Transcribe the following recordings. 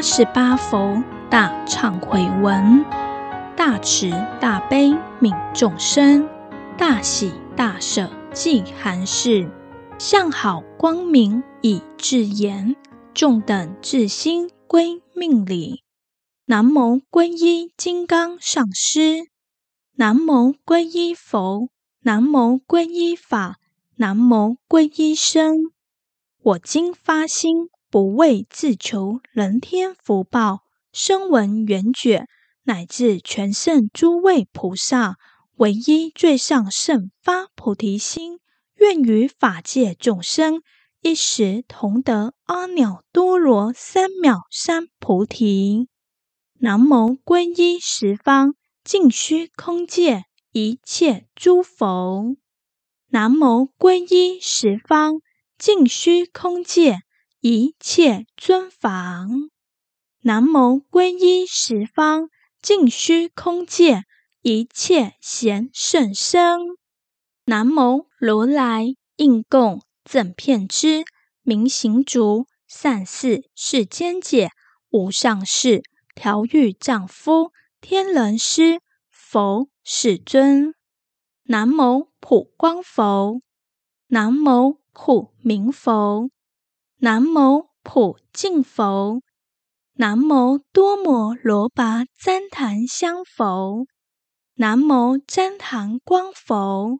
八十八佛大懺悔文，大慈大悲憫眾生，大喜大捨濟含識，相好光明以自嚴，眾等至心歸命禮。南無皈依金剛上師，南無皈依佛，南無皈依法，南無皈依僧。我今發心。不為自求人天福報，聲聞緣覺，乃至全聖諸位菩薩，唯一最上聖發菩提心，願與法界眾生一時同得阿耨多羅三藐三菩提。南無皈依十方盡虛空界一切諸佛，南無皈依十方盡虛空界。一切尊法，南無皈依十方盡虛空界一切賢聖僧，南無如來應供正遍知明行足善逝世間解無上士調御丈夫天人師佛世尊，南無普光佛，南無普明佛。南無普淨佛，南無多摩羅跋旃檀香佛，南無旃檀光佛，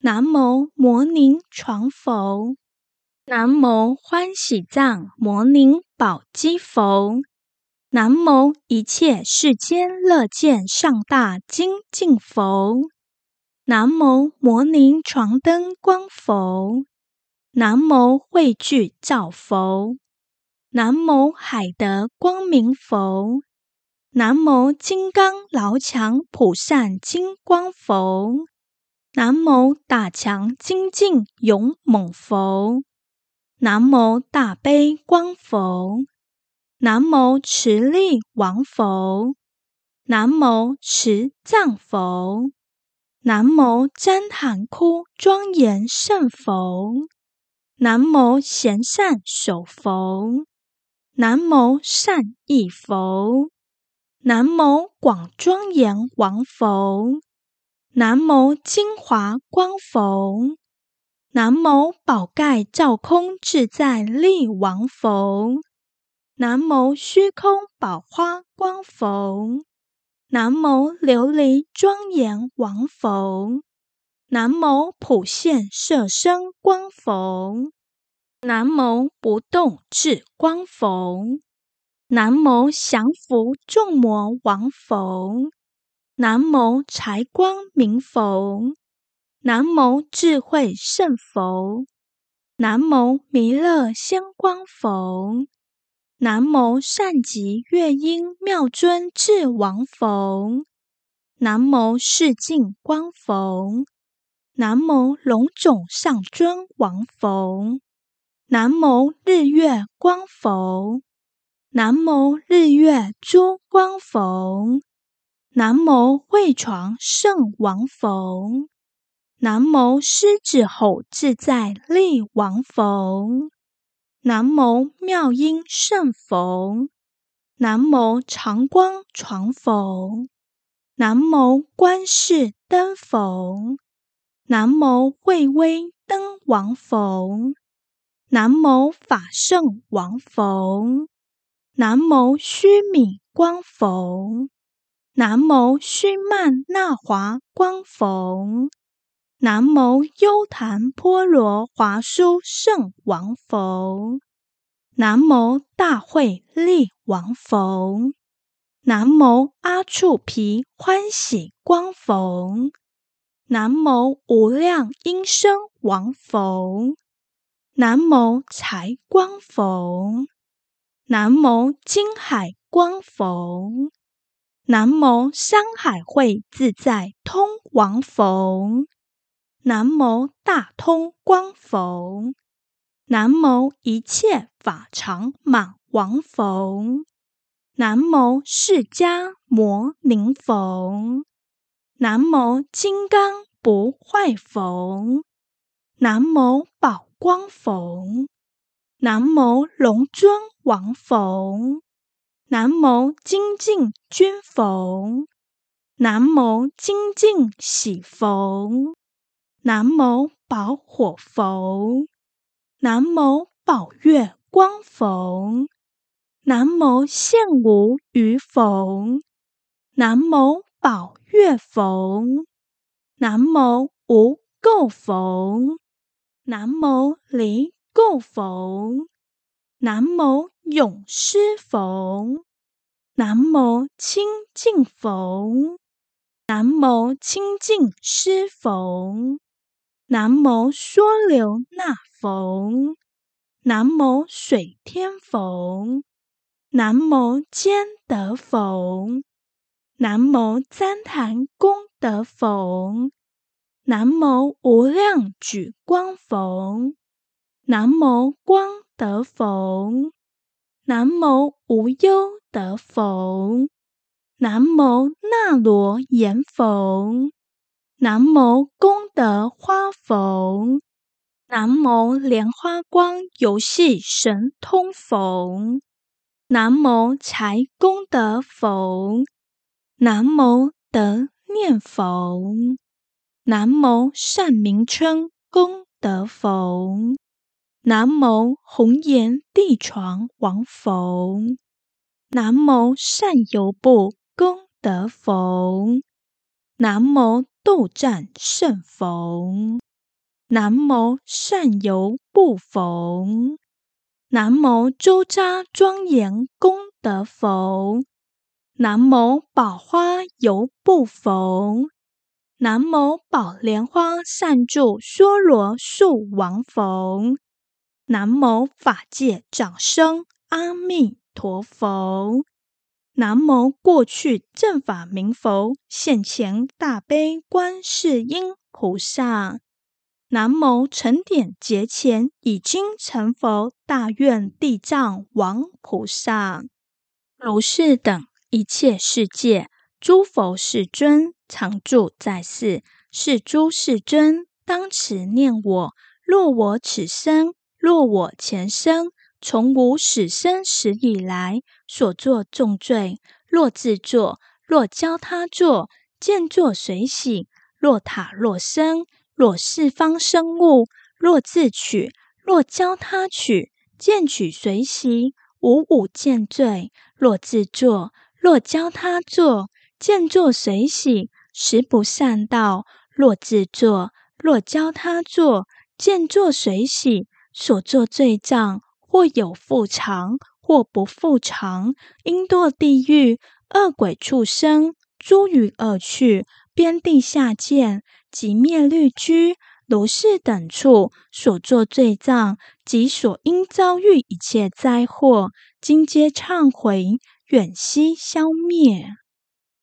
南無摩尼床佛，南無歡喜藏摩尼寶積佛，南無一切世間樂見上大精進佛，南無摩尼床燈光佛。南無慧炬照佛，南無海德光明佛，南無金剛牢強普散金光佛，南無大強精進勇猛佛，南無大悲光佛，南無慈力王佛，南無慈藏佛，南無栴檀窟莊嚴勝佛。南無賢善首佛，南無善意佛，南無廣莊嚴王佛，南無金華光佛，南無寶蓋照空自在力王佛，南無虛空寶華光佛，南無琉璃莊嚴王佛。南無普現色身光佛，南無不動智光佛，南無降伏眾魔王佛，南無才光明佛，南無智慧勝佛，南無彌勒仙光佛，南無善寂月音妙尊智王佛，南無世淨光佛。南無龍種上尊王佛，南無日月光佛，南無日月珠光佛，南無慧幢勝王佛，南無獅子吼自在力王佛，南無妙音勝佛，南無常光幢佛，南無觀世燈佛。南無慧威燈王佛，南無法勝王佛，南無須彌光佛，南無須曼那華光佛，南無優曇波羅華殊勝王佛，南無大慧力王佛，南無阿閦毘歡喜光佛。南無無量音聲王佛，南無才光佛，南無金海光佛，南無山海慧自在通王佛，南無大通光佛，南無一切法常滿王佛，南無釋迦牟尼佛。南無金剛不壞佛，南無寶光佛，南無龍尊王佛，南無精進軍佛，南無精進喜佛，南無寶火佛，南無寶月光佛，南無現無愚佛，南無寶月佛，南無無垢佛，南無離垢佛，南無勇施佛，南無清淨佛，南無清淨施佛，南無娑留那佛，南無水天佛，南無堅德佛，南無栴檀功德佛，南無無量掬光佛，南無光德佛，南無無憂德佛，南無那羅延佛，南無功德花佛，南無蓮花光遊戲神通佛，南無財功德佛。南無得念佛，南無善名稱功德佛，南無紅焰帝幢王佛，南無善遊步功德佛，南無鬥戰勝佛，南無善遊步佛，南無周匝莊嚴功德佛。南無寶花遊步佛，南無寶蓮花善住娑羅樹王佛，南無法界藏身阿彌陀佛，南無過去正法明佛，現前大悲觀世音菩薩，南無塵點劫前已經成佛大願地藏王菩薩，如是等。一切世界諸佛世尊常住在世，是諸世尊當慈念我。若我此生，若我前生，從無始生死以來所作眾罪，若自作，若教他作，見作隨喜，若塔若僧，若四方僧物，若自取，若教他取，見取隨喜。五無間罪，若自作。若教他作，見作隨喜；十不善道，若自作；若教他作，見作隨喜。所作罪障，或有覆藏，或不覆藏，應墮地獄、惡鬼、畜生、諸餘惡趣、邊地下賤及蔑戾車、如是等處所作罪障，即所應遭遇一切災禍。今皆懺悔。遠悉消滅，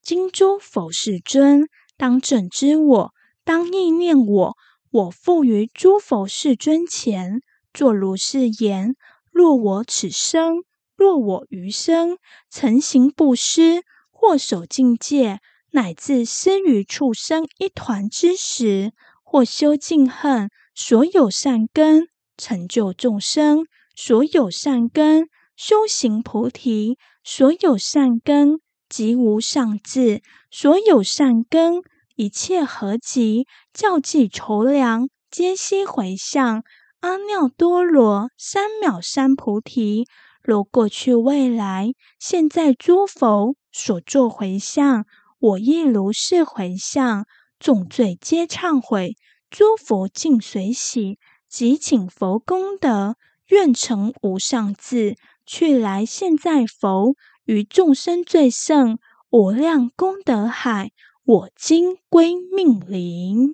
今諸佛世尊當正知我，當憶念我。我復於諸佛世尊前作如是言：若我此生，若我餘生，曾行布施，或守淨戒，乃至施於畜生一團之時，或修淨恨，所有善根成就眾生；所有善根修行菩提。所有善根及無上智，所有善根一切合集，校計籌量，皆悉回向阿耨多羅三藐三菩提。如過去、未來、現在諸佛所作回向，我亦如是回向，眾罪皆懺悔，諸佛盡隨喜，及請佛功德，願成無上智。去來現在佛，於眾生最勝無量功德海，我今歸命禮。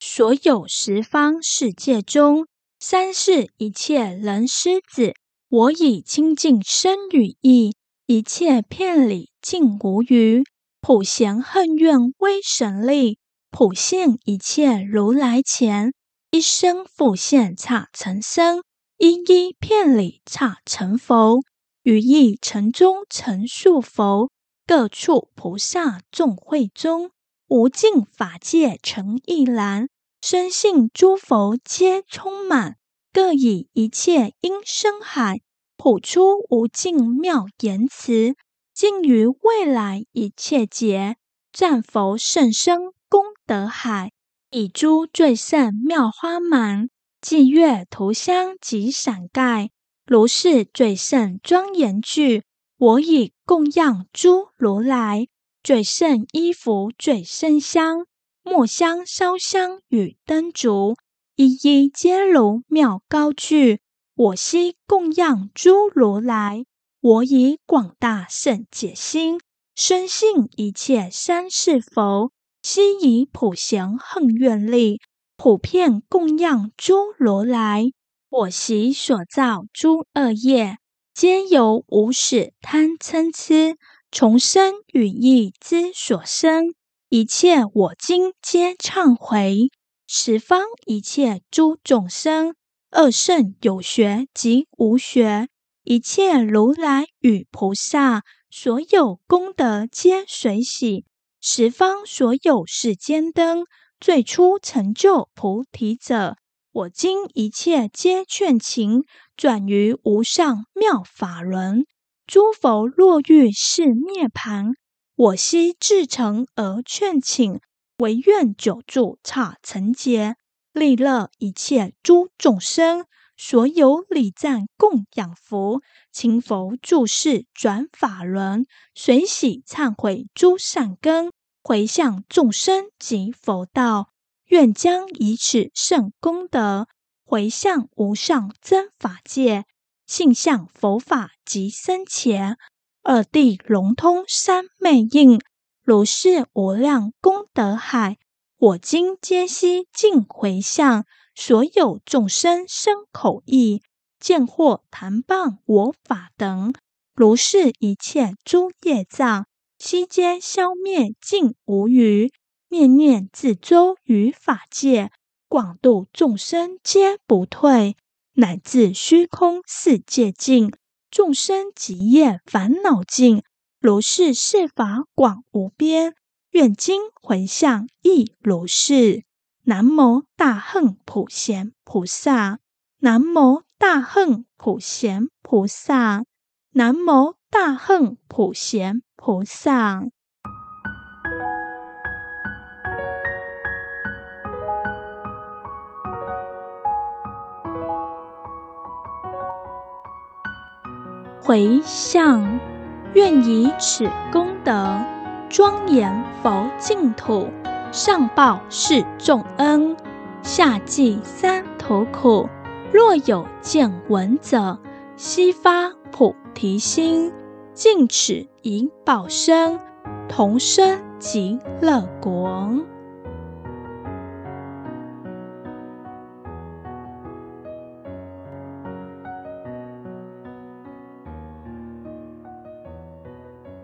所有十方世界中，三世一切人師子，我以清淨身語意，一切遍禮盡無餘。普賢行願威神力，普現一切如來前，一身復現剎塵身。一一遍禮剎塵佛，於一塵中塵數佛，各處菩薩眾會中，無盡法界塵亦然，深信諸佛皆充滿，各以一切音聲海，普出無盡妙言辭，盡於未來一切劫，贊佛甚深功德海，以諸最勝妙花鬘。伎樂、塗香及傘蓋，如是最勝莊嚴具，我以供養諸如來；最勝衣服、最勝香、末香、燒香與燈燭，一一皆如妙高聚，我悉供養諸如來。我以廣大勝解心，深信一切三世佛，悉以普賢行願力。普遍供養諸如來，我昔所造諸惡業，皆由無始貪嗔癡，從身語意之所生。一切我今皆懺悔。十方一切諸眾生，二聖有學及無學，一切如來與菩薩，所有功德皆隨喜。十方所有世間燈。最初成就菩提者，我今一切皆勸請，轉於無上妙法輪。諸佛若欲示涅槃，我悉至誠而勸請，惟願久住剎塵劫，利樂一切諸眾生，所有禮讚供養福，請佛住世轉法輪，隨喜懺悔諸善根。迴向眾生及佛道，願將以此勝功德迴向無上真法界，性相佛法及生前，二諦融通三昧印，如是無量功德海，我今皆悉盡迴向，所有眾生生口意，見或談謗我法等，如是一切諸業障。悉皆消滅盡無餘，念念自周於法界，廣度眾生皆不退，乃至虛空世界盡，眾生及業煩惱盡，如是世法廣無邊，願今回向亦如是。南無大行普賢菩薩，南無大行普賢菩薩，南無大行普賢菩薩，回向願以此功德莊嚴佛淨土，上報四重恩，下濟三途苦。若有見聞者，悉發菩提心。盡此一報身，同生極樂國。